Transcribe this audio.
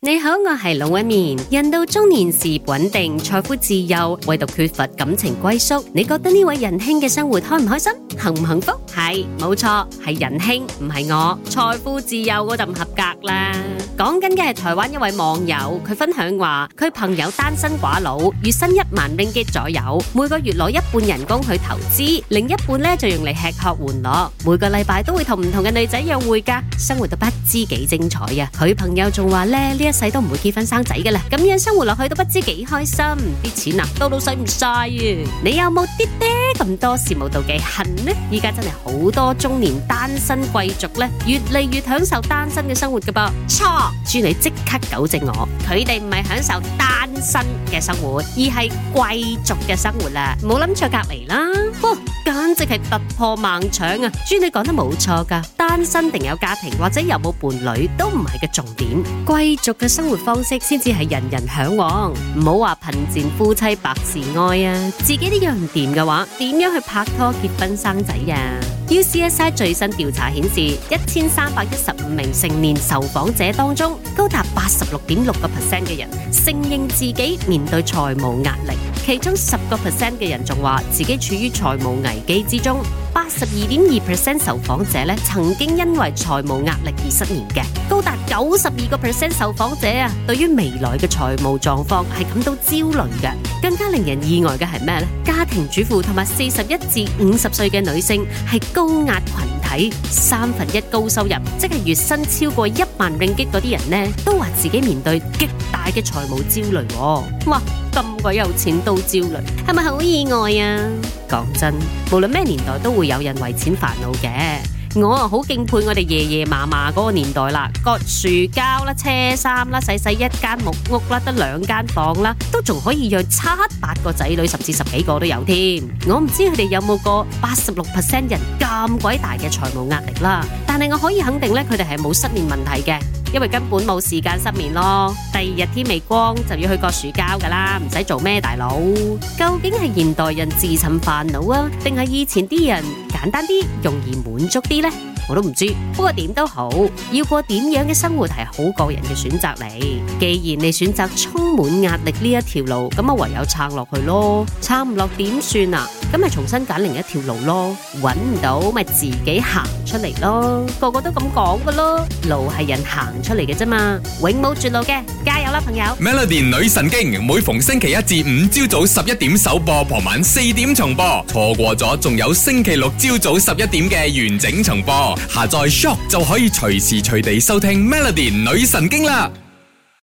你好，我係龍紋敏。人到中年事業穩定，財富自由，唯獨缺乏感情歸宿。你覺得呢位仁兄嘅生活開唔開心，幸唔幸福？係，冇錯，係仁兄，唔係我。財富自由我就唔合格啦。講緊嘅係台灣一位網友，佢分享話，佢朋友單身寡佬，月薪一萬蚊幾左右，每個月攞一半人工去投資，另一半咧就用嚟吃喝玩樂，每個禮拜都會同唔同嘅女仔約會㗎，生活到不知幾精彩啊！佢朋友仲話咧呢。一世都唔會結婚生仔噶啦，咁樣生活落去都不知幾開心，啲錢啊到老使唔晒。你有冇啲啲咁多羨慕妒忌恨呢？依家真係好多中年單身貴族咧，越嚟越享受單身嘅生活噶噃。錯，朱女即刻糾正我，佢哋唔係享受單身嘅生活，而係貴族嘅生活啦。冇諗錯隔籬啦。哦簡直係突破盲腸啊！朱女講得冇錯噶，單身定有家庭或者有冇伴侶都唔係嘅重點，貴族嘅生活方式先至係人人向往。唔好話貧賤夫妻百事哀啊！自己都養唔掂嘅話，點樣去拍拖、結婚、生仔啊？UCSI 最新調查顯示，一千三百一十五名成年受訪者當中，高達八十六點六個 percent 嘅人承認自己面對財務壓力，其中十個 percent 嘅人仲話自己處於財務危機之中。十二點二 percent 受訪者咧，曾經因為財務壓力而失眠嘅，高達九十二個 percent 受訪者啊，對於未來嘅財務狀況係感到焦慮嘅。更加令人意外嘅係咩咧？家庭主婦同埋四十一至五十歲嘅女性係高壓群。喺三分一高收入，即係月薪超過一萬令吉嗰啲人呢，都話自己面對極大嘅財務焦慮喎。哇，咁鬼有錢都焦慮，係咪好意外啊？講真，無論咩年代都會有人為錢煩惱嘅。我好敬佩我哋爺爺嫲嫲嗰個年代啦，割樹膠啦、車衫啦、細細一間木屋啦，得兩間房啦，都仲可以養七八個仔女，甚至十幾個都有添。我唔知佢哋有冇個八十六 percent 人咁鬼大嘅財務壓力啦，但係我可以肯定咧，佢哋係冇失眠問題嘅，因為根本冇時間失眠咯。第二日天未光就要去割樹膠噶啦，唔使做咩大佬。究竟係現代人自尋煩惱啊，定係以前啲人？簡單啲，容易滿足啲呢，我都唔知道。不過點都好，要過點樣嘅生活係好個人嘅選擇嚟。既然你選擇充滿壓力呢一條路，咁咪唯有撐落去咯。撐唔落點算啊？咁咪重新揀另一條路咯，揾唔到咪自己行出嚟咯，個個都咁講噶咯，路係人行出嚟嘅啫嘛，永冇絕路嘅，加油啦朋友！Melody 女神經每逢星期一至五朝早十一點首播，傍晚四點重播，錯過咗仲有星期六朝早十一點嘅完整重播，下載 Shock 就可以隨時隨地收聽 Melody 女神經啦。